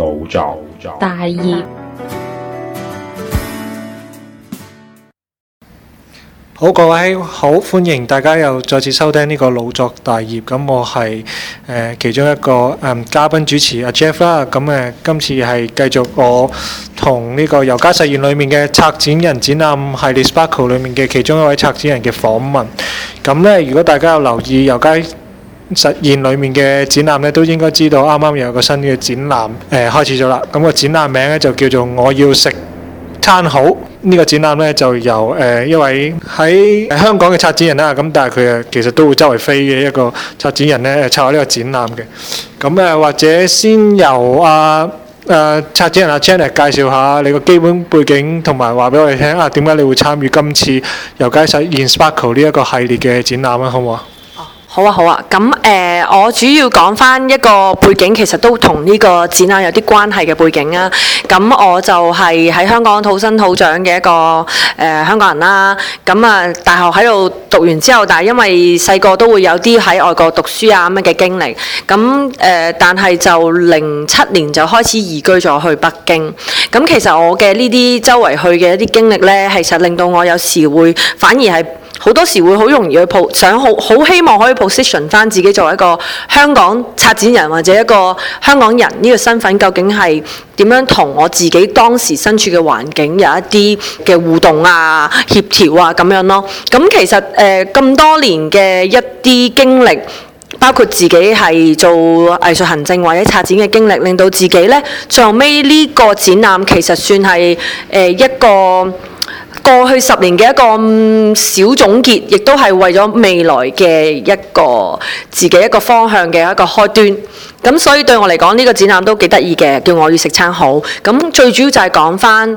老作大業，好，各位好，歡迎大家又再次收聽呢、這個老作大業。咁我係誒、呃、其中一個誒、嗯、嘉賓主持阿 Jeff 啦。咁誒、呃、今次係繼續我同呢個油街實現裏面嘅策展人展覽 系列 Sparkle 裏面嘅其中一位策展人嘅訪問。咁咧，如果大家有留意油街。油街實現裡面嘅展覽咧，都應該知道啱啱有個新嘅展覽誒、呃、開始咗啦。咁個展覽名咧就叫做我要食餐好。呢、這個展覽咧就由誒、呃、一位喺香港嘅策展人啦。咁但係佢啊其實都會周圍飛嘅一個策展人咧策下呢個展覽嘅。咁、嗯、誒、呃、或者先由阿、啊、誒、啊、策展人阿、啊、Janet 介紹下你個基本背景同埋話俾我哋聽啊，點解你會參與今次油街實現 Sparkle 呢一、這個系列嘅展覽啊？好唔好？好啊，好啊，咁誒、呃，我主要講翻一個背景，其實都同呢個展覽有啲關係嘅背景啊。咁我就係喺香港土生土長嘅一個。誒、呃、香港人啦、啊，咁、嗯、啊大學喺度讀完之後，但係因為細個都會有啲喺外國讀書啊咁嘅經歷，咁、嗯、誒、呃、但係就零七年就開始移居咗去北京。咁、嗯、其實我嘅呢啲周圍去嘅一啲經歷咧，其實令到我有時會反而係好多時會好容易去 po 想好好希望可以 position 翻自己作為一個香港策展人或者一個香港人呢個身份，究竟係點樣同我自己當時身處嘅環境有一啲嘅互動啊？啊，協調啊，咁樣咯。咁、嗯、其實誒咁、呃、多年嘅一啲經歷，包括自己係做藝術行政或者策展嘅經歷，令到自己呢，最後尾呢個展覽其實算係誒、呃、一個過去十年嘅一個、嗯、小總結，亦都係為咗未來嘅一個自己一個方向嘅一個開端。咁、嗯、所以對我嚟講，呢、呢個展覽都幾得意嘅，叫我要食餐好。咁、嗯、最主要就係講翻。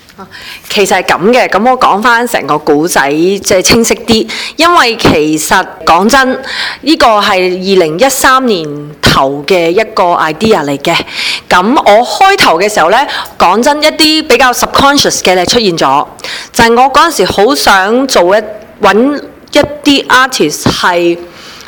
其實係咁嘅，咁我講翻成個古仔，即係清晰啲。因為其實講真，呢個係二零一三年頭嘅一個 idea 嚟嘅。咁我開頭嘅時候呢，講真，一啲比較 subconscious 嘅呢出現咗，就係我嗰陣時好想做一揾一啲 artist 係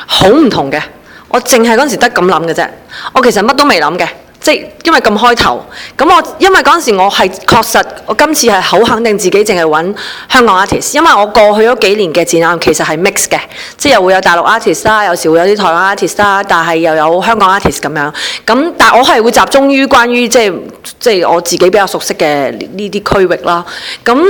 好唔同嘅。我淨係嗰陣時得咁諗嘅啫，我其實乜都未諗嘅。即係因為咁開頭，咁我因為嗰陣時我係確實，我今次係好肯定自己，淨係揾香港 artist，因為我過去咗幾年嘅展覽其實係 mix 嘅，即係又會有大陸 artist 啦，有時會有啲台灣 artist 啦，但係又有香港 artist 咁樣。咁但係我係會集中於關於即係即係我自己比較熟悉嘅呢啲區域啦。咁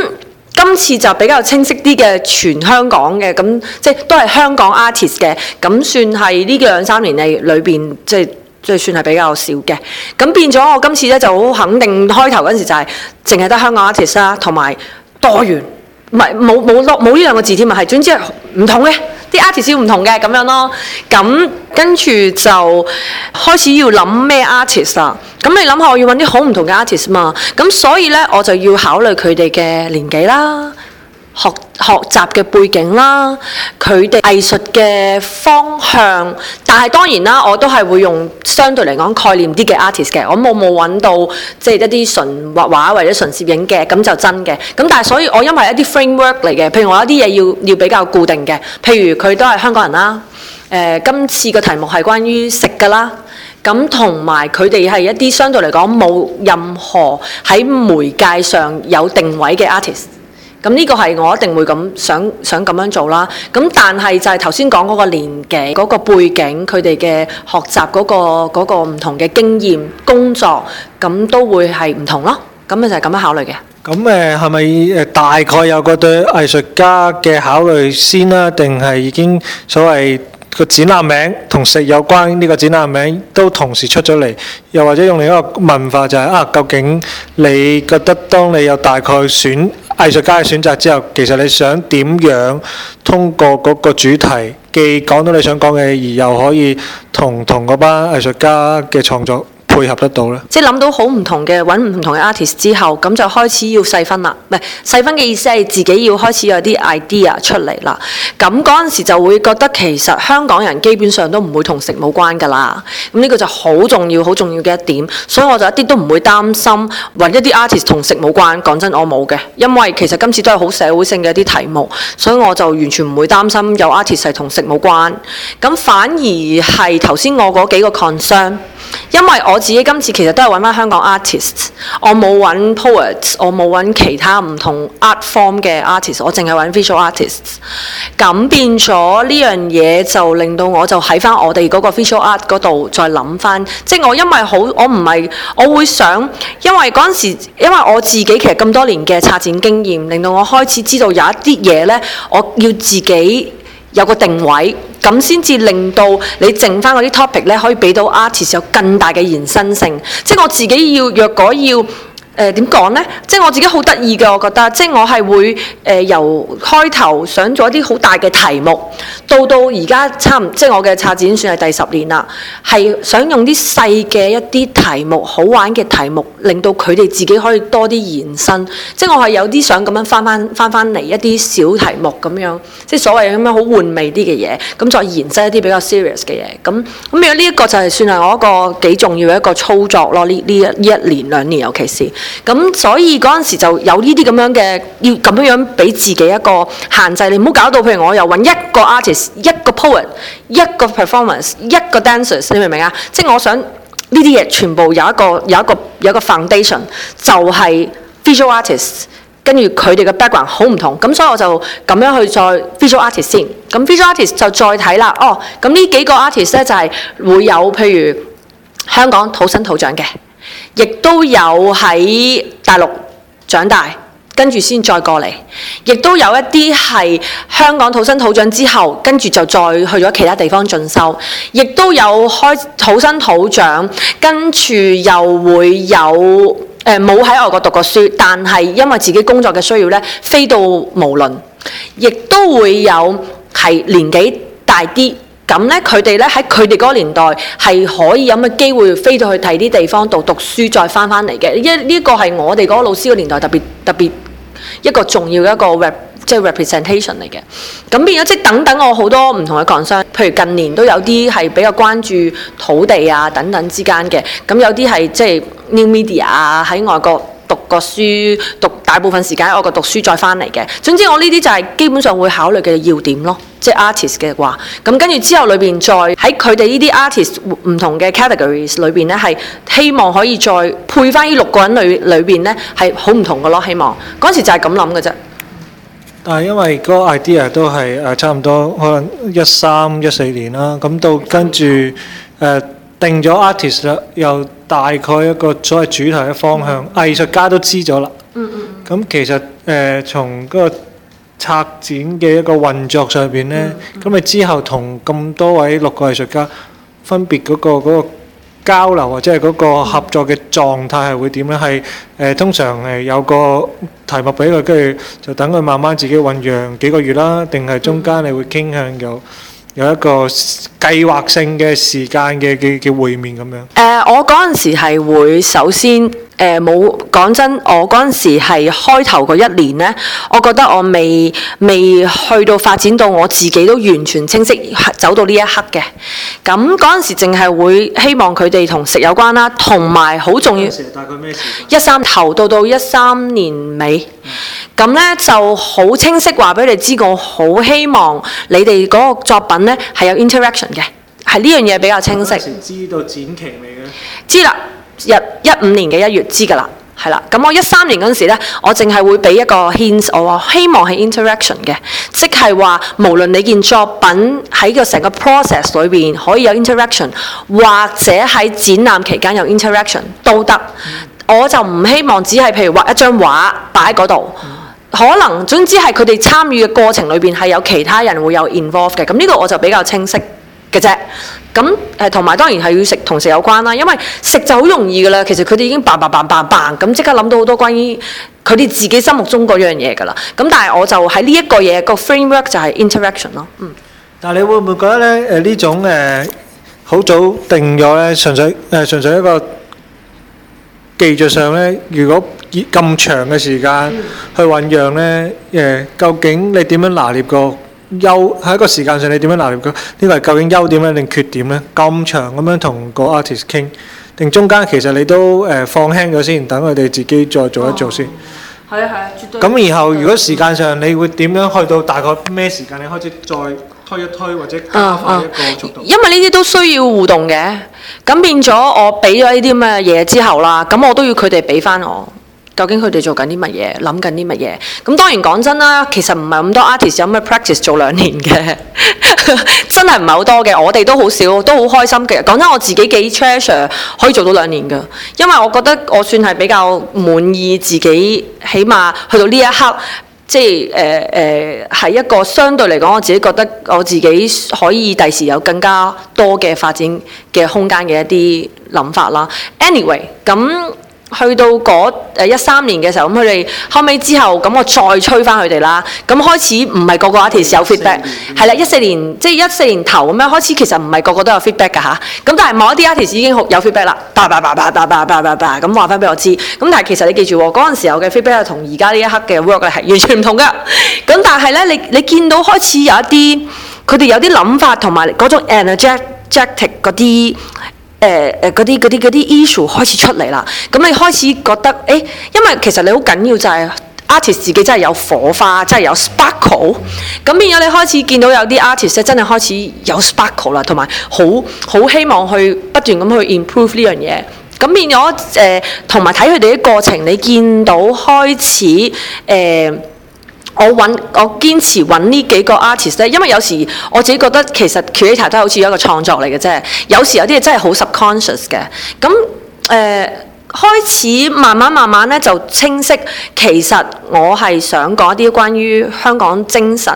今次就比較清晰啲嘅全香港嘅，咁即係都係香港 artist 嘅，咁算係呢個兩三年嚟裏邊即係。即係算係比較少嘅，咁變咗我今次咧就好肯定開頭嗰時就係淨係得香港 artist 啦，同埋多元，唔係冇冇冇呢兩個字添啊，係總之係唔同嘅，啲 artist 唔同嘅咁樣咯。咁跟住就開始要諗咩 artist 啦。咁你諗下，我要搵啲好唔同嘅 artist 嘛？咁所以咧我就要考慮佢哋嘅年紀啦。學學習嘅背景啦，佢哋藝術嘅方向，但係當然啦，我都係會用相對嚟講概念啲嘅 artist 嘅，我冇冇揾到即係一啲純畫畫或者純攝影嘅，咁就真嘅。咁但係所以，我因為一啲 framework 嚟嘅，譬如我一啲嘢要要比較固定嘅，譬如佢都係香港人啦。誒、呃，今次嘅題目係關於食㗎啦，咁同埋佢哋係一啲相對嚟講冇任何喺媒介上有定位嘅 artist。咁呢個係我一定會咁想想咁樣做啦。咁但係就係頭先講嗰個年紀、嗰個背景，佢哋嘅學習嗰個嗰個唔同嘅經驗、工作，咁都會係唔同咯。咁咪就係咁樣考慮嘅。咁誒係咪誒大概有個對藝術家嘅考慮先啦？定係已經所謂個展覽名同食有關呢個展覽名都同時出咗嚟，又或者用另一個文化就係啊？究竟你覺得當你有大概選？藝術家嘅選擇之後，其實你想點樣通過嗰個主題，既講到你想講嘅，而又可以同同嗰班藝術家嘅創作。配合得到咧，即係諗到好唔同嘅揾唔同嘅 artist 之後，咁就開始要細分啦。唔係細分嘅意思係自己要開始有啲 idea 出嚟啦。咁嗰陣時就會覺得其實香港人基本上都唔會同食冇關㗎啦。咁呢個就好重要、好重要嘅一點，所以我就一啲都唔會擔心揾一啲 artist 同食冇關，講真，我冇嘅，因為其實今次都係好社會性嘅一啲題目，所以我就完全唔會擔心有 artist 同食冇關，咁反而係頭先我嗰幾個 concern，因為我。自己今次其實都係揾翻香港 artists，我冇揾 poets，我冇揾其他唔同 art form 嘅 art artists，我淨係揾 visual artists。咁變咗呢樣嘢就令到我就喺翻我哋嗰個 visual art 嗰度再諗翻，即係我因為好，我唔係我會想，因為嗰陣時，因為我自己其實咁多年嘅策展經驗，令到我開始知道有一啲嘢呢，我要自己有個定位。咁先至令到你剩翻嗰啲 topic 咧，可以俾到 artist 有更大嘅延伸性。即係我自己要，若果要。誒點講呢？即係我自己好得意嘅，我覺得，即係我係會誒、呃、由開頭想做一啲好大嘅題目，到到而家差唔多，即係我嘅策展算係第十年啦，係想用啲細嘅一啲題目，好玩嘅題目，令到佢哋自己可以多啲延伸。即係我係有啲想咁樣翻翻翻翻嚟一啲小題目咁樣，即係所謂咁樣好玩味啲嘅嘢，咁再延伸一啲比較 serious 嘅嘢。咁咁有呢一個就係算係我一個幾重要嘅一個操作咯。呢呢呢一年兩年尤其是。咁所以嗰陣時就有呢啲咁樣嘅，要咁樣樣俾自己一個限制，你唔好搞到譬如我又揾一個 artist、一個 poet、一個 performance、一個 dancers，你明唔明啊？即係我想呢啲嘢全部有一個有一個有一個 foundation，就係 visual artist，跟住佢哋嘅 background 好唔同，咁所以我就咁樣去再 visual artist 先，咁 visual artist 就再睇啦。哦，咁呢幾個 artist 咧就係會有譬如香港土生土長嘅。亦都有喺大陸長大，跟住先再過嚟，亦都有一啲係香港土生土長之後，跟住就再去咗其他地方進修，亦都有開土生土長，跟住又會有誒冇喺外國讀過書，但係因為自己工作嘅需要呢，飛到無論，亦都會有係年紀大啲。咁咧，佢哋咧喺佢哋嗰個年代係可以有乜機會飛到去睇啲地方讀讀書，再翻翻嚟嘅。因為呢個係我哋嗰個老師個年代特別特別一個重要嘅一個 rep，即係 representation 嚟嘅。咁變咗即係等等，我好多唔同嘅 concern，譬如近年都有啲係比較關注土地啊等等之間嘅。咁有啲係即係 new media 啊，喺外國。讀個書讀大部分時間我喺外國讀書再翻嚟嘅，總之我呢啲就係基本上會考慮嘅要點咯，即係 artist 嘅話，咁跟住之後裏邊再喺佢哋呢啲 artist 唔同嘅 categories 裏邊呢，係希望可以再配翻呢六個人裏裏邊咧係好唔同嘅咯，希望嗰時就係咁諗嘅啫。但係、啊、因為嗰個 idea 都係誒、啊、差唔多可能一三一四年啦，咁到跟住誒、啊、定咗 artist 啦、啊、又。大概一個所謂主題嘅方向，藝術家都知咗啦。嗯嗯嗯。咁其實誒，從嗰個策展嘅一個運作上面呢，咁你之後同咁多位六個藝術家分別嗰個嗰個交流或者係嗰個合作嘅狀態係會點呢？係誒通常係有個題目俾佢，跟住就等佢慢慢自己醞釀幾個月啦，定係中間你會傾向有？有一個計劃性嘅時間嘅嘅嘅會面，咁樣誒、呃。我嗰陣時係會首先。誒冇講真，我嗰陣時係開頭嗰一年呢，我覺得我未未去到發展到我自己都完全清晰走到呢一刻嘅。咁嗰陣時淨係會希望佢哋同食有關啦，同埋好重要。一三大概咩時？一三頭到到一三年尾。咁、嗯、呢就好清晰話俾你知，我好希望你哋嗰個作品呢係有 interaction 嘅，係呢樣嘢比較清晰。幾時知道展期知啦。入一五年嘅一月知噶啦，係啦。咁我一三年嗰陣時咧，我淨係會俾一個 hint，我話希望係 interaction 嘅，即係話無論你件作品喺個成個 process 裏邊可以有 interaction，或者喺展覽期間有 interaction 都得。我就唔希望只係譬如畫一張畫擺喺嗰度，可能總之係佢哋參與嘅過程裏邊係有其他人會有 involve 嘅。咁呢個我就比較清晰。嘅啫，咁誒同埋當然係要食同食有關啦，因為食就好容易噶啦。其實佢哋已經 bang bang bang bang bang 咁即刻諗到好多關於佢哋自己心目中嗰樣嘢噶啦。咁但係我就喺呢一個嘢個 framework 就係 interaction 咯，嗯。但係你會唔會覺得咧，誒呢種誒好早定咗咧，純粹誒純粹一個技術上咧，如果以咁長嘅時間去醞釀咧，誒究竟你點樣拿捏個？優喺一個時間上，你點樣拿捏佢？呢個係究竟優點咧定缺點咧？咁長咁樣同個 artist 傾，定中間其實你都誒放輕咗先，等佢哋自己再做一做先。係啊係啊，絕對。咁然後如果時間上，你會點樣去到大概咩時間？你開始再推一推，或者加快一個速度。因為呢啲都需要互動嘅，咁變咗我俾咗呢啲咁嘅嘢之後啦，咁我都要佢哋俾翻我。究竟佢哋做緊啲乜嘢，諗緊啲乜嘢？咁當然講真啦，其實唔係咁多 artist 有咩 practice 做兩年嘅， 真係唔係好多嘅。我哋都好少，都好開心嘅。講真，我自己幾 treasure 可以做到兩年嘅，因為我覺得我算係比較滿意自己，起碼去到呢一刻，即係誒誒，係、呃呃、一個相對嚟講，我自己覺得我自己可以第時有更加多嘅發展嘅空間嘅一啲諗法啦。Anyway，咁。去到嗰一三年嘅時候，咁佢哋後尾之後，咁我再催翻佢哋啦。咁開始唔係個個 artist 有 feedback，係啦，一四年即係一四年頭咁、就是、樣開始，其實唔係個個都有 feedback 㗎吓，咁、啊、但係某一啲 artist 已經好有 feedback 啦，叭叭叭叭叭叭叭叭咁話翻俾我知。咁但係其實你記住，嗰陣時候嘅 feedback 同而家呢一刻嘅 work 係完全唔同嘅。咁但係咧，你你見到開始有一啲，佢哋有啲諗法同埋嗰種 energetic 嗰啲。誒誒嗰啲嗰啲嗰啲 issue 開始出嚟啦，咁你開始覺得誒、欸，因為其實你好緊要就係、是、artist 自己真係有火花，真係有 sparkle，咁變咗你開始見到有啲 artist 真係開始有 sparkle 啦，同埋好好希望去不斷咁去 improve 呢樣嘢，咁變咗誒同埋睇佢哋啲過程，你見到開始誒。呃我揾我堅持揾呢幾個 artist 咧，因為有時我自己覺得其實 creator 都係好似一個創作嚟嘅啫。有時有啲嘢真係好 subconscious 嘅。咁誒、呃、開始慢慢慢慢咧就清晰，其實我係想講一啲關於香港精神。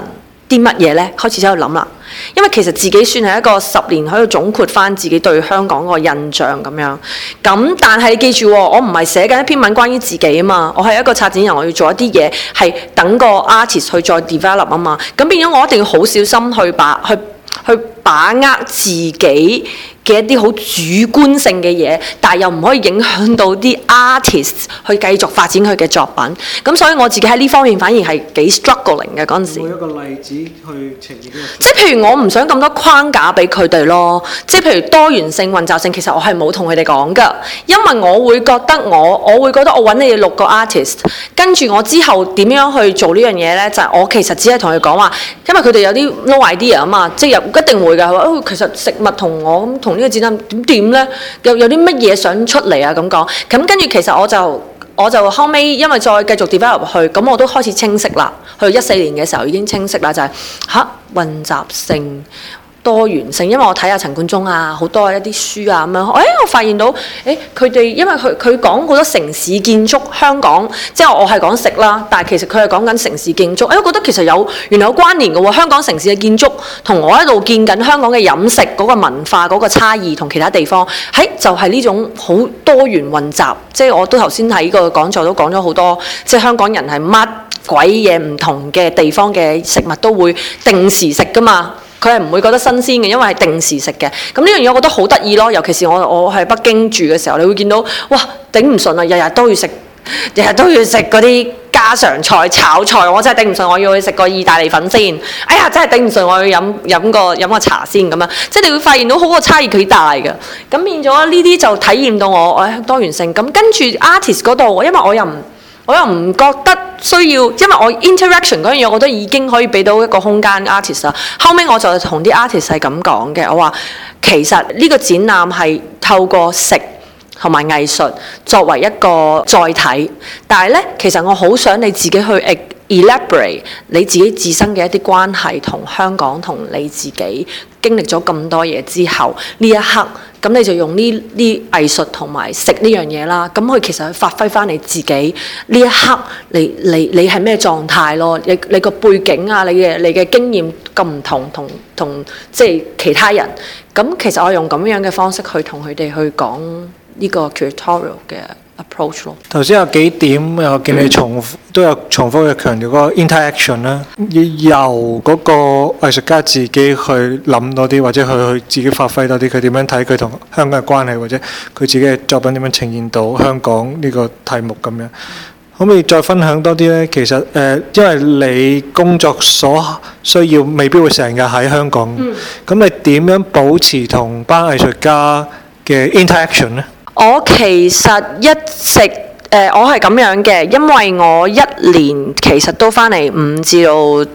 啲乜嘢咧？開始喺度諗啦，因為其實自己算係一個十年喺度總括翻自己對香港個印象咁樣。咁但係你記住喎，我唔係寫緊一篇文關於自己啊嘛，我係一個策展人，我要做一啲嘢係等個 artist 去再 develop 啊嘛。咁變咗我一定要好小心去把去去把握自己，嘅一啲好主觀性嘅嘢，但係又唔可以影響到啲 artist 去繼續發展佢嘅作品。咁所以我自己喺呢方面反而係幾 struggling 嘅陣時時。有冇一個例子去呈現？即係譬如我唔想咁多框架俾佢哋咯。即係譬如多元性、混雜性，其實我係冇同佢哋講㗎，因為我會覺得我我會覺得我揾你哋六個 artist 跟住我之後點樣去做呢樣嘢咧？就係我其實只係同佢講話，因為佢哋有啲 no idea 啊嘛，即係一定會嘅，係話哦，其實食物同我同。個呢個展覽點點咧？又有啲乜嘢想出嚟啊？咁講咁，跟住，其實我就我就後尾因為再繼續跌返入去，咁我都開始清晰啦。去到一四年嘅時候已經清晰啦，就係、是、哈混雜性。多元性，因為我睇下陳冠中啊，好多一啲書啊咁樣。誒、哎，我發現到誒佢哋，因為佢佢講好多城市建築香港，即係我係講食啦。但係其實佢係講緊城市建築。誒、哎，我覺得其實有原來有關聯嘅喎。香港城市嘅建築同我喺度見緊香港嘅飲食嗰、那個文化嗰、那個差異，同其他地方喺、哎、就係、是、呢種好多元混雜。即係我都頭先喺個講座都講咗好多，即係香港人係乜鬼嘢唔同嘅地方嘅食物都會定時食㗎嘛。佢係唔會覺得新鮮嘅，因為係定時食嘅。咁呢樣嘢，我覺得好得意咯。尤其是我我喺北京住嘅時候，你會見到哇頂唔順啊！日日都要食，日日都要食嗰啲家常菜炒菜，我真係頂唔順。我要去食個意大利粉先。哎呀，真係頂唔順，我要飲飲個飲個茶先咁樣！即係你會發現到好個差異，佢大嘅咁變咗呢啲就體驗到我我、哎、多元性。咁跟住 artist 嗰度，因為我又唔。我又唔覺得需要，因為我 interaction 嗰樣嘢，我覺得已經可以俾到一個空間 artist 啦。後尾我就同啲 artist 係咁講嘅，我話其實呢個展覽係透過食同埋藝術作為一個載體，但係呢，其實我好想你自己去 elaborate 你自己自身嘅一啲關係同香港同你自己經歷咗咁多嘢之後呢一刻，咁你就用呢啲藝術同埋食呢樣嘢啦，咁佢其實去發揮返你自己呢一刻，你你你係咩狀態咯？你你個背景啊，你嘅你嘅經驗咁唔同同同即係其他人，咁其實我用咁樣嘅方式去同佢哋去講呢個 curatorial 嘅。頭先有幾點，我見你重、嗯、都有重複嘅強調嗰、嗰個 interaction 啦。由嗰個藝術家自己去諗多啲，或者去去自己發揮多啲，佢點樣睇佢同香港嘅關係，或者佢自己嘅作品點樣呈現到香港呢個題目咁樣。可唔可以再分享多啲呢？其實誒、呃，因為你工作所需要，未必會成日喺香港。咁、嗯、你點樣保持同班藝術家嘅 interaction 呢？我其實一直，誒、呃，我係咁樣嘅，因為我一年其實都返嚟五至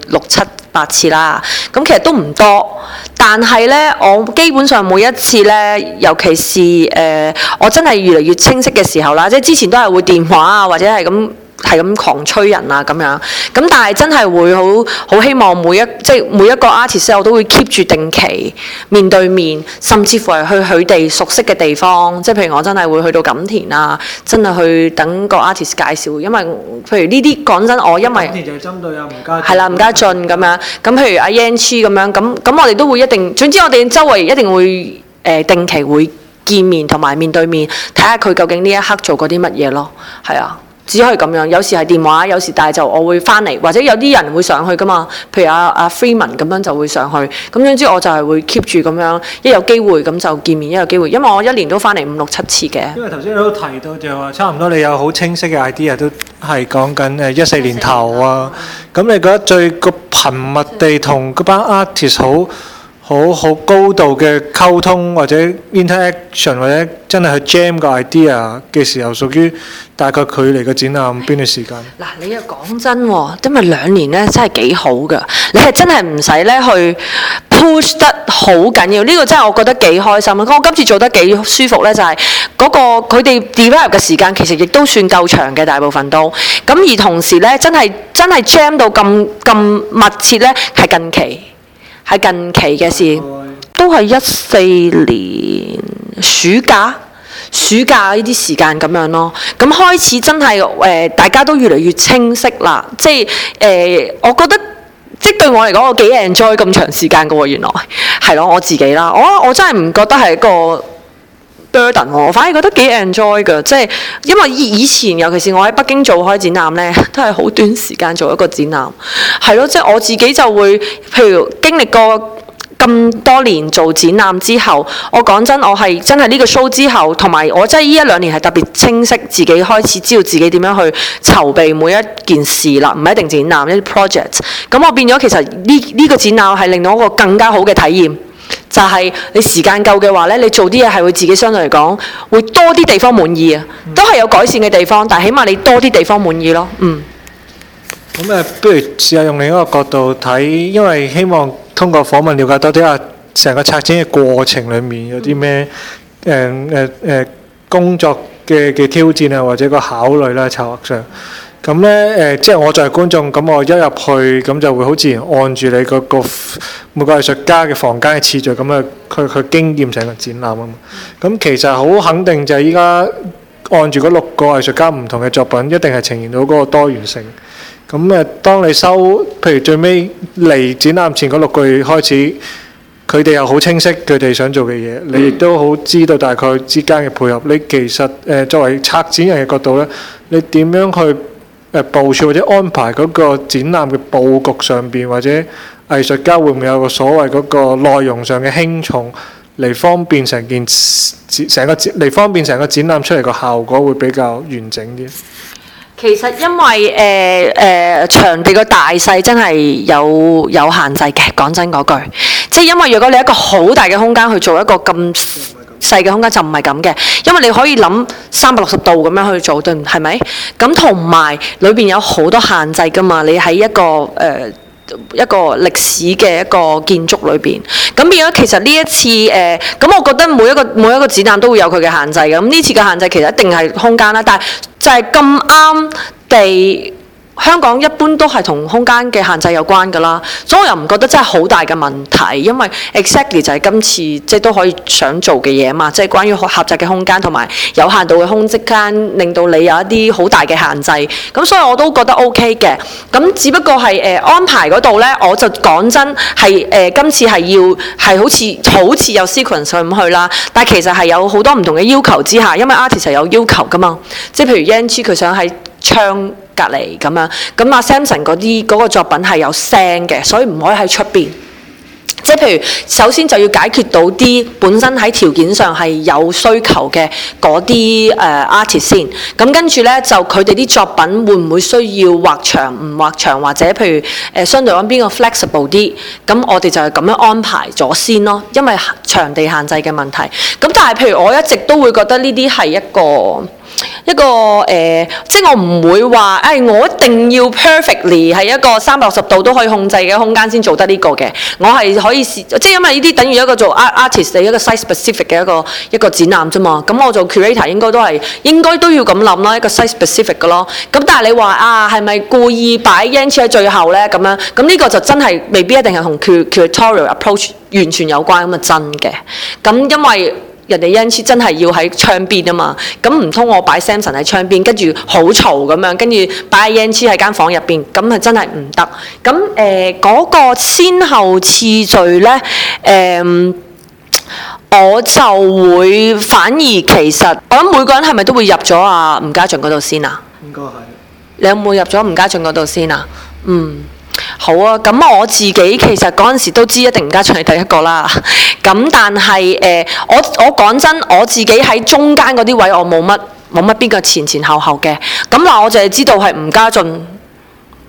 六七八次啦，咁其實都唔多，但係呢，我基本上每一次呢，尤其是誒、呃，我真係越嚟越清晰嘅時候啦，即係之前都係會電話啊，或者係咁。係咁狂吹人啊！咁樣咁，但係真係會好好希望每一即係每一個 artist，我都會 keep 住定期面對面，甚至乎係去佢哋熟悉嘅地方，即係譬如我真係會去到錦田啊，真係去等個 artist 介紹，因為譬如呢啲講真，我因為錦田就係針對阿吳家，係啦的，吳家俊咁樣咁，譬如阿 Yancy 咁樣咁，咁我哋都會一定總之我哋周圍一定會誒、呃、定期會見面同埋面對面，睇下佢究竟呢一刻做過啲乜嘢咯，係啊。只可以咁樣，有時係電話，有時帶就我會翻嚟，或者有啲人會上去噶嘛。譬如阿、啊、阿、啊、Freeman 咁樣就會上去。咁樣之我就係會 keep 住咁樣，一有機會咁就見面，一有機會，因為我一年都翻嚟五六七次嘅。因為頭先你都提到就話，差唔多你有好清晰嘅 idea，都係講緊誒一四年頭啊。咁、啊嗯、你覺得最個頻密地同嗰班 artist 好？好好高度嘅溝通或者 interaction 或者真係去 jam 個 idea 嘅時候，屬於大概距離嘅展覽邊段、哎、時間？嗱，你又講真喎，今日兩年咧真係幾好㗎。你係真係唔使咧去 push 得好緊要，呢、呢個真係我覺得幾開心。我今次做得幾舒服咧，就係、係、嗰、嗰個佢哋 develop 嘅時間其實亦都算夠長嘅，大部分都咁而同時咧，真係真係 jam 到咁咁密切咧，係近期。喺近期嘅事，都係一四年暑假、暑假呢啲時間咁樣咯。咁開始真係誒、呃，大家都越嚟越清晰啦。即係誒、呃，我覺得即對我嚟講，我幾 enjoy 咁長時間嘅喎。原來係咯，我自己啦，我我真係唔覺得係一個 Burden, 我反而覺得幾 enjoy 㗎，即係因為以以前尤其是我喺北京做開展覽呢，都係好短時間做一個展覽，係咯，即係我自己就會，譬如經歷過咁多年做展覽之後，我講真，我係真係呢個 show 之後，同埋我真係呢一兩年係特別清晰自己開始知道自己點樣去籌備每一件事啦，唔係一定展覽一啲 project，咁我變咗其實呢呢個展覽係令到我一個更加好嘅體驗。就係你時間夠嘅話呢，你做啲嘢係會自己相對嚟講會多啲地方滿意啊，都係有改善嘅地方，但係起碼你多啲地方滿意咯，嗯。咁誒、嗯呃，不如試下用另一個角度睇，因為希望通過訪問了解多啲啊，成個策展嘅過程裏面有啲咩誒誒誒工作嘅嘅挑戰啊，或者個考慮咧，策劃上？咁咧，誒、呃，即係我作為觀眾，咁我一入去，咁就會好自然按住你、嗰個每個藝術家嘅房間嘅次序。咁啊，佢佢經驗成個展覽啊嘛。咁其實好肯定就係依家按住嗰六個藝術家唔同嘅作品，一定係呈現到嗰個多元性。咁啊，當你收，譬如最尾嚟展覽前嗰六個月開始，佢哋又好清晰佢哋想做嘅嘢，嗯、你亦都好知道大概之間嘅配合。你其實誒、呃、作為策展人嘅角度咧，你點樣去部署或者安排嗰個展覽嘅佈局上邊，或者藝術家會唔會有個所謂嗰個內容上嘅輕重嚟方便成件成個，個，個展嚟方便成個展覽出嚟個效果會比較完整啲？其實因為誒誒、呃呃、場地個大細真係有有限制嘅，講真嗰句，即係因為如果你一個好大嘅空間去做一個咁。細嘅空間就唔係咁嘅，因為你可以諗三百六十度咁樣去做，對唔係咪？咁同埋裏邊有好多限制噶嘛，你喺一個誒、呃、一個歷史嘅一個建築裏邊，咁變咗其實呢一次誒，咁、呃、我覺得每一個每一個子彈都會有佢嘅限制嘅，咁呢次嘅限制其實一定係空間啦，但係就係咁啱地。香港一般都係同空間嘅限制有關㗎啦，所以我又唔覺得真係好大嘅問題，因為 exactly 就係今次即係都可以想做嘅嘢嘛，即係關於狹窄嘅空間同埋有限度嘅空積間，令到你有一啲好大嘅限制，咁所以我都覺得 O K 嘅。咁只不過係誒、呃、安排嗰度咧，我就講真係誒、呃、今次係要係好似好似有 sequence 上咁去啦，但係其實係有好多唔同嘅要求之下，因為 artist 係有要求㗎嘛，即係譬如 N G 佢想喺唱。隔離咁樣，咁阿 Samson 嗰啲嗰、嗰個作品係有聲嘅，所以唔可以喺出邊。即係譬如，首先就要解決到啲本身喺條件上係有需求嘅嗰啲誒 artist 先。咁、嗯、跟住咧，就佢哋啲作品會唔會需要畫牆？唔畫牆，或者譬如誒、呃，相對講邊個 flexible 啲？咁、嗯、我哋就係咁樣安排咗先咯，因為場地限制嘅問題。咁、嗯、但係譬如我一直都會覺得呢啲係一個。一個誒、呃，即係我唔會話，誒、哎、我一定要 perfectly 係一個三百六十度都可以控制嘅空間先做得呢個嘅。我係可以試，即係因為呢啲等於一個做 art artist 嘅一個 site specific 嘅一個一個展覽啫嘛。咁、嗯、我做 curator 應該都係應該都要咁諗啦，一個 site specific 嘅咯。咁、嗯、但係你話啊，係咪故意擺 N C 喺最後咧？咁樣咁呢、嗯這個就真係未必一定係同 curatorial cur approach 完全有關咁啊！真嘅，咁、嗯、因為。人哋 e n 真係要喺窗邊啊嘛，咁唔通我擺 Samson 喺窗邊，跟住好嘈咁樣，跟住擺 e n 喺間房入邊，咁係真係唔得。咁誒嗰個先後次序呢，誒、呃、我就會反而其實我諗每個人係咪都會入咗阿、啊、吳家俊嗰度先啊？應該係。你有冇入咗吳家俊嗰度先啊？嗯。好啊，咁我自己其實嗰陣時都知一定吳家俊係第一個啦。咁 但係誒、呃，我我講真，我自己喺中間嗰啲位我，我冇乜冇乜邊個前前後後嘅。咁嗱，我淨係知道係吳家俊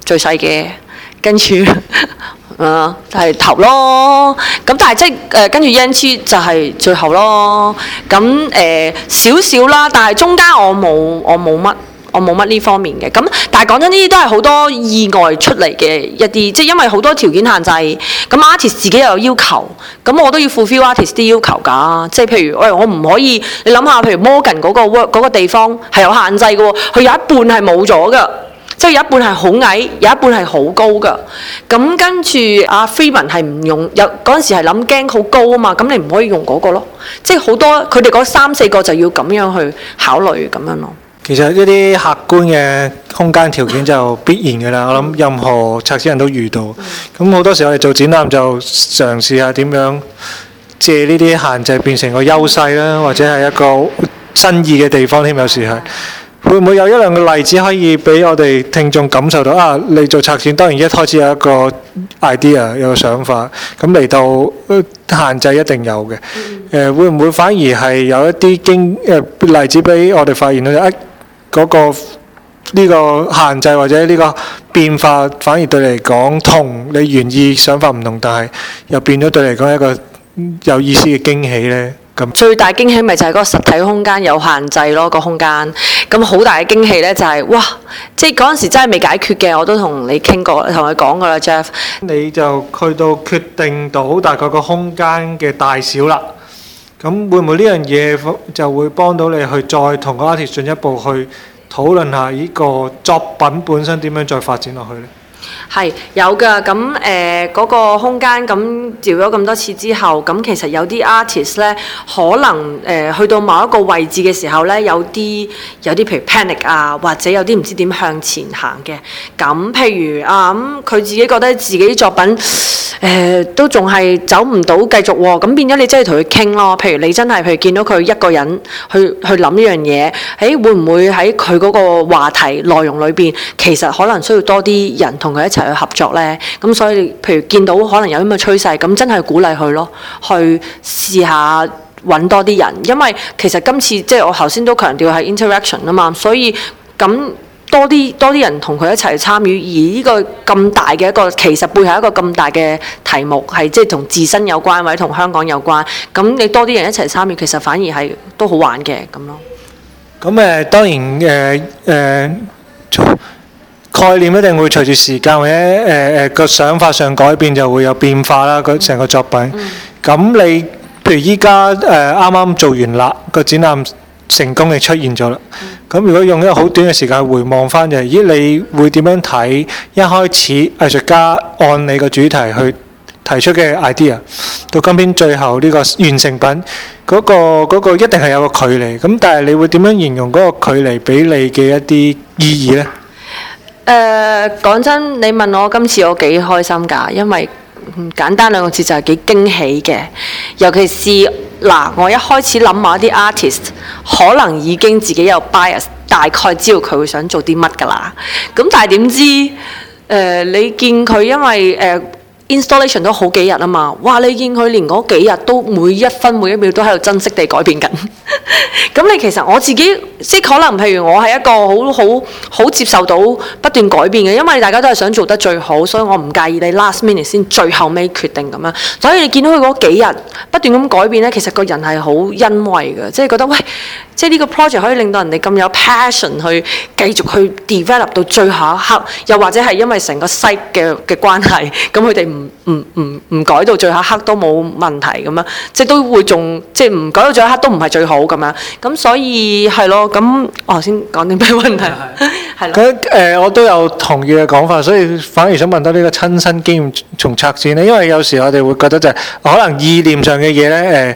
最細嘅，跟住 啊係、就係、頭咯。咁但係即係誒、呃，跟住因此就係最後咯。咁誒少少啦，但係中間我冇我冇乜。我冇乜呢方面嘅，咁但係講真，呢啲都係好多意外出嚟嘅一啲，即係因為好多條件限制，咁 artist 自己又有要求，咁我都要 fulfill artist 啲要求㗎。即係譬如，喂我唔可以，你諗下，譬如 Morgan 嗰個 work 嗰個地方係有限制嘅喎，佢有一半係冇咗嘅，即係有一半係好矮，有一半係好高嘅。咁跟住阿 Freeman 係唔用，有嗰陣時係諗驚好高啊嘛，咁你唔可以用嗰個咯。即係好多佢哋嗰三四個就要咁樣去考慮咁樣咯。其實一啲客觀嘅空間條件就必然㗎啦，我諗任何策展人都遇到。咁好多時我哋做展覽就嘗試下點樣借呢啲限制變成個優勢啦，或者係一個新意嘅地方添。有時係會唔會有一兩個例子可以俾我哋聽眾感受到啊？你做策展當然一開始有一個 idea，有個想法。咁嚟到限制一定有嘅。誒，會唔會反而係有一啲經誒例子俾我哋發現到一？嗰個呢個限制或者呢個變化，反而對你嚟講同你原意想法唔同，但係又變咗對你嚟講一個有意思嘅驚喜呢。咁最大驚喜咪就係嗰個實體空間有限制咯，個空間。咁好大嘅驚喜呢，就係哇！即係嗰陣時真係未解決嘅，我都同你傾過，同佢講過啦，Jeff。你就去到決定到大概個空間嘅大小啦。咁會唔會呢樣嘢就會幫到你去再同個 artist 進一步去討論下，呢個作品本身點樣再發展落去咧？係有㗎，咁誒嗰個空間咁調咗咁多次之後，咁、嗯、其實有啲 artist 咧，可能誒、呃、去到某一個位置嘅時候咧，有啲有啲譬如 panic 啊，或者有啲唔知點向前行嘅。咁、嗯、譬如啊，咁、嗯、佢自己覺得自己作品誒、呃、都仲係走唔到繼續喎，咁、嗯、變咗你真係同佢傾咯。譬如你真係譬如見到佢一個人去去諗呢樣嘢，誒、欸、會唔會喺佢嗰個話題內容裏邊，其實可能需要多啲人同，同佢一齊去合作呢，咁所以譬如見到可能有啲咩趨勢，咁真係鼓勵佢咯，去試下揾多啲人，因為其實今次即係我頭先都強調係 interaction 啊嘛，所以咁多啲多啲人同佢一齊去參與，而呢個咁大嘅一個其實背後一個咁大嘅題目係即係同自身有關或者同香港有關，咁你多啲人一齊去參與，其實反而係都好玩嘅咁咯。咁誒、呃、當然誒誒。呃呃概念一定會隨住時間或者誒誒個想法上改變，就會有變化啦。個成個作品咁，你譬如依家誒啱啱做完啦，個展覽成功地出現咗啦。咁如果用一個好短嘅時間回望翻就咦，你會點樣睇一開始藝術家按你個主題去提出嘅 idea，到今天最後呢個完成品，嗰個嗰個一定係有個距離咁，但係你會點樣形容嗰個距離俾你嘅一啲意義呢？誒講、uh, 真，你問我今次我幾開心㗎？因為簡單兩個字就係幾驚喜嘅。尤其是嗱、啊，我一開始諗埋啲 artist，可能已經自己有 bias，大概知道佢會想做啲乜㗎啦。咁但係點知誒、呃，你見佢因為誒。呃 installation 都好幾日啊嘛，哇！你見佢連嗰幾日都每一分每一秒都喺度珍惜地改變緊。咁 你其實我自己即係可能譬如我係一個好好好接受到不斷改變嘅，因為大家都係想做得最好，所以我唔介意你 last minute 先最後尾決定咁樣。所以你見到佢嗰幾日不斷咁改變呢，其實個人係好欣慰嘅，即係覺得喂。即係呢個 project 可以令到人哋咁有 passion 去繼續去 develop 到最後一刻，又或者係因為成個 site 嘅嘅關係，咁佢哋唔唔唔唔改到最後一刻都冇問題咁啊！即係都會仲即係唔改到最後一刻都唔係最好咁樣。咁所以係咯，咁我頭先講啲咩問題係咯？咁 的、呃、我都有同意嘅講法，所以反而想問多呢個親身經驗從策展咧，因為有時我哋會覺得就係、是、可能意念上嘅嘢咧誒。呃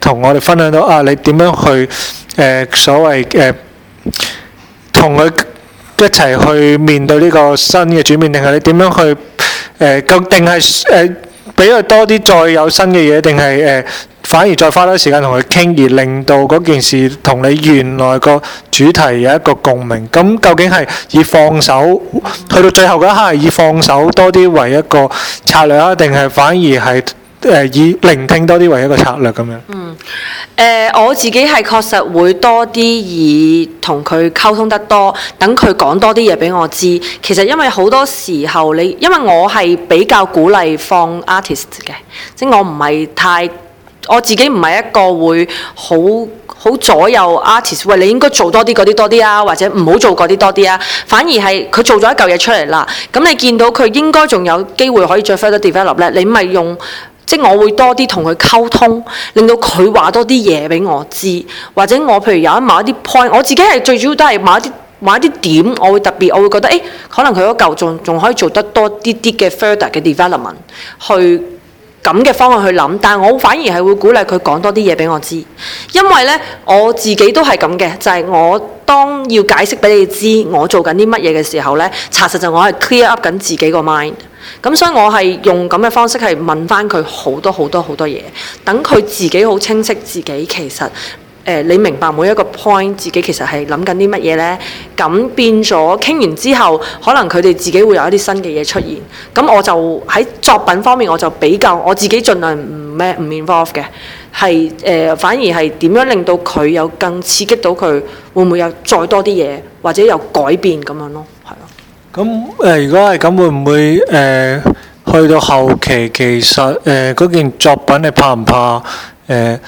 同我哋分享到啊，你點樣去誒、呃、所謂誒同佢一齊去面對呢個新嘅轉變，定係你點樣去誒究，定係誒俾佢多啲再有新嘅嘢？定係誒反而再花多時間同佢傾，而令到嗰件事同你原來個主題有一個共鳴，咁究竟係以放手去到最後嗰一刻，以放手多啲為一個策略啊？定係反而係。誒以聆聽多啲為一個策略咁樣。嗯，誒、呃、我自己係確實會多啲以同佢溝通得多，等佢講多啲嘢俾我知。其實因為好多時候你，因為我係比較鼓勵放 artist 嘅，即係我唔係太，我自己唔係一個會好好左右 artist 喂，你應該做多啲嗰啲多啲啊，或者唔好做嗰啲多啲啊。反而係佢做咗一嚿嘢出嚟啦，咁你見到佢應該仲有機會可以再 further develop 咧，你咪用。即係我會多啲同佢溝通，令到佢話多啲嘢俾我知，或者我譬如有一某一啲 point，我自己係最主要都係某一啲某一啲點，我會特別，我會覺得誒，可能佢嗰嚿仲仲可以做得多啲啲嘅 further 嘅 development，去咁嘅方向去諗。但係我反而係會鼓勵佢講多啲嘢俾我知，因為呢，我自己都係咁嘅，就係我當要解釋俾你知我做緊啲乜嘢嘅時候呢，查實就我係 clear up 緊自己個 mind。咁所以我係用咁嘅方式係問翻佢好多好多好多嘢，等佢自己好清晰自己其實誒、呃、你明白每一個 point 自己其實係諗緊啲乜嘢呢？咁變咗傾完之後，可能佢哋自己會有一啲新嘅嘢出現，咁我就喺作品方面我就比較我自己盡量唔咩唔 involve 嘅，係誒、呃、反而係點樣令到佢有更刺激到佢會唔會有再多啲嘢或者有改變咁樣咯。咁誒、嗯，如果係咁，會唔會誒、呃、去到後期，其實誒嗰、呃、件作品你怕唔怕誒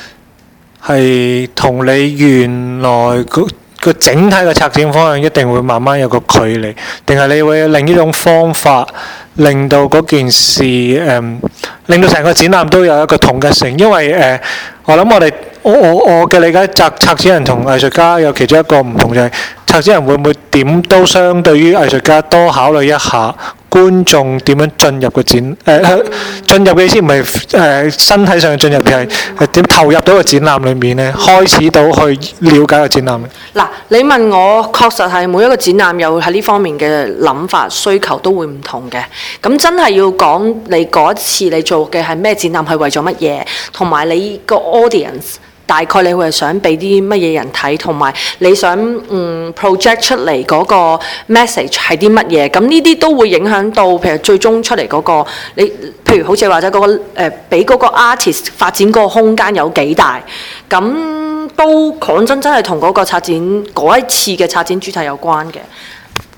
係同你原來嗰呃個整體嘅策展方向一定會慢慢有個距離，定係你會另一種方法，令到嗰件事誒、嗯，令到成個展覽都有一個統一性。因為誒、呃，我諗我哋，我我我嘅理解，策策展人同藝術家有其中一個唔同就係，策展人會唔會點都相對於藝術家多考慮一下？觀眾點樣進入個展？誒、呃，進入嘅意思唔係誒身體上嘅進入，而係係點投入到個展覽裏面咧，開始到去了解個展覽。嗱、嗯，你問我，確實係每一個展覽有喺呢方面嘅諗法、需求都會唔同嘅。咁真係要講你嗰一次你做嘅係咩展覽，係為咗乜嘢，同埋你個 audience。大概你會係想俾啲乜嘢人睇，同埋你想嗯 project 出嚟嗰個 message 係啲乜嘢？咁呢啲都會影響到，譬如最終出嚟嗰、那個你，譬如好似或者嗰個誒，俾、呃、嗰個 artist 發展嗰個空間有幾大？咁都講真的真係同嗰個策展嗰一次嘅策展主題有關嘅。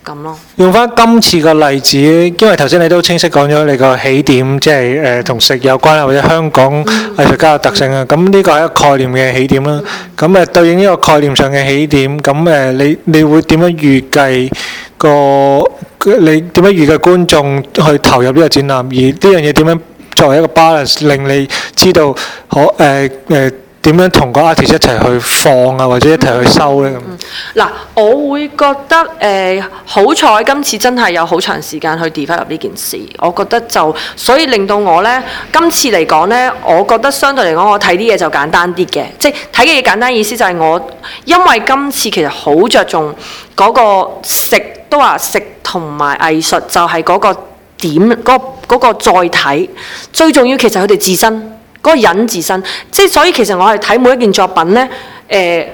咁咯，用返今次個例子，因為頭先你都清晰講咗你個起點，即係誒同食有關啦，或者香港藝術家嘅特性啊。咁呢、嗯、個係一個概念嘅起點啦。咁誒、嗯、對應呢個概念上嘅起點，咁誒你你會點樣預計個你點樣預計觀眾去投入呢個展覽？而呢樣嘢點樣作為一個 balance，令你知道可誒誒？呃呃點樣同個 artist 一齊去放啊，或者一齊去收呢？咁、嗯？嗱、嗯，我會覺得誒，呃、好彩今次真係有好長時間去 develop 呢件事，我覺得就所以令到我呢，今次嚟講呢，我覺得相對嚟講，我睇啲嘢就簡單啲嘅，即係睇嘅嘢簡單。意思就係我因為今次其實好着重嗰個食，都話食同埋藝術就係嗰個點，嗰、嗰、嗰個載體、嗰個、最重要。其實佢哋自身。嗰個人自身，即係所以其實我係睇每一件作品呢。誒、呃，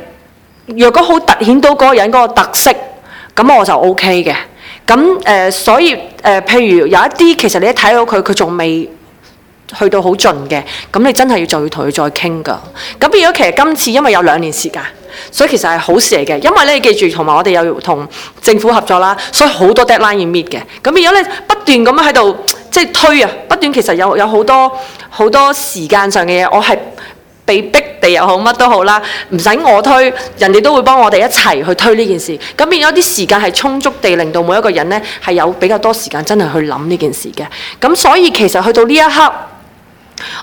若果好突顯到嗰個人嗰個特色，咁我就 O K 嘅。咁誒、呃，所以誒、呃，譬如有一啲其實你一睇到佢，佢仲未去到好盡嘅，咁你真係要就要同佢再傾㗎。咁變咗，其實今次因為有兩年時間。所以其實係好事嚟嘅，因為你記住，同埋我哋有同政府合作啦，所以好多 deadline 要 meet 嘅。咁變咗咧，不斷咁樣喺度即係推啊，不斷其實有有好多好多時間上嘅嘢，我係被逼地又好乜都好啦，唔使我推，人哋都會幫我哋一齊去推呢件事。咁變咗啲時間係充足地，令到每一個人咧，係有比較多時間真係去諗呢件事嘅。咁所以其實去到呢一刻。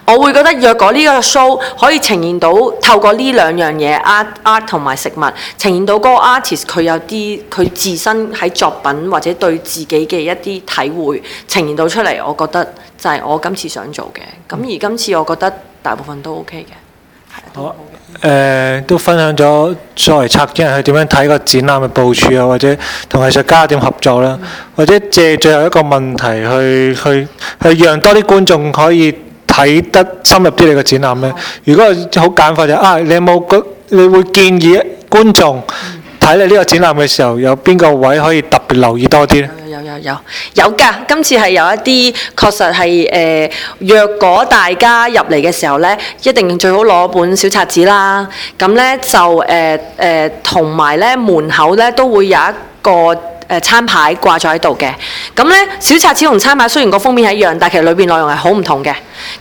我會覺得，若果呢個 show 可以呈現到透過呢兩樣嘢 art art 同埋食物呈現到個 artist 佢有啲佢自身喺作品或者對自己嘅一啲體會呈現到出嚟，我覺得就係我今次想做嘅。咁而今次我覺得大部分都 OK 嘅。嗯、好誒、哦呃，都分享咗作為策展人去點樣睇個展覽嘅部署啊，或者同藝術家點合作啦，嗯、或者借最後一個問題去去去，去讓多啲觀眾可以，睇得深入啲，你個展覽咧。如果好簡化就啊，你有冇個？你會建議觀眾睇你呢個展覽嘅時候，有邊個位可以特別留意多啲咧？有有有有㗎，今次係有一啲確實係誒。若果大家入嚟嘅時候呢，一定最好攞本小冊子啦。咁呢就誒誒，同埋呢門口呢都會有一個。誒餐牌掛咗喺度嘅，咁呢，小冊子同餐牌雖然個封面係一樣，但係其實裏邊內容係好唔同嘅。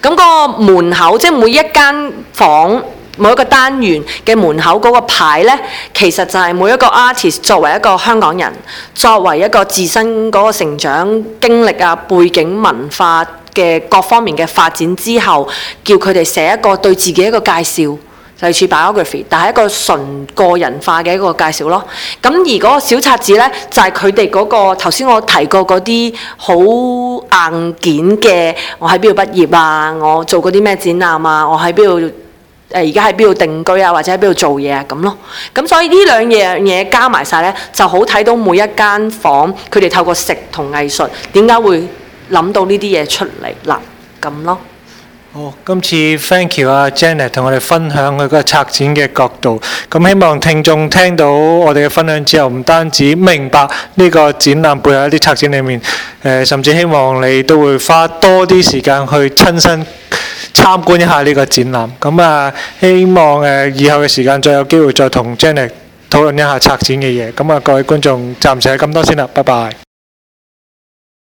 咁個門口即係每一間房每一個單元嘅門口嗰個牌呢，其實就係每一個 artist 作為一個香港人，作為一個自身嗰個成長經歷啊、背景文化嘅各方面嘅發展之後，叫佢哋寫一個對自己一個介紹。類似 biography，但係一個純個人化嘅一個介紹咯。咁而嗰個小冊子呢，就係佢哋嗰個頭先我提過嗰啲好硬件嘅，我喺邊度畢業啊？我做過啲咩展覽啊？我喺邊度誒？而家喺邊度定居啊？或者喺邊度做嘢啊？咁咯。咁所以呢兩樣嘢加埋晒呢，就好睇到每一間房，佢哋透過食同藝術點解會諗到呢啲嘢出嚟。嗱，咁咯。好，今次 thank you 啊 Janet 同我哋分享佢個策展嘅角度，咁希望聽眾聽到我哋嘅分享之後，唔單止明白呢個展覽背後一啲策展裡面，誒甚至希望你都會花多啲時間去親身參觀一下呢個展覽。咁啊，希望誒以後嘅時間再有機會再同 Janet 討論一下策展嘅嘢。咁啊，各位觀眾暫時係咁多先啦，拜拜。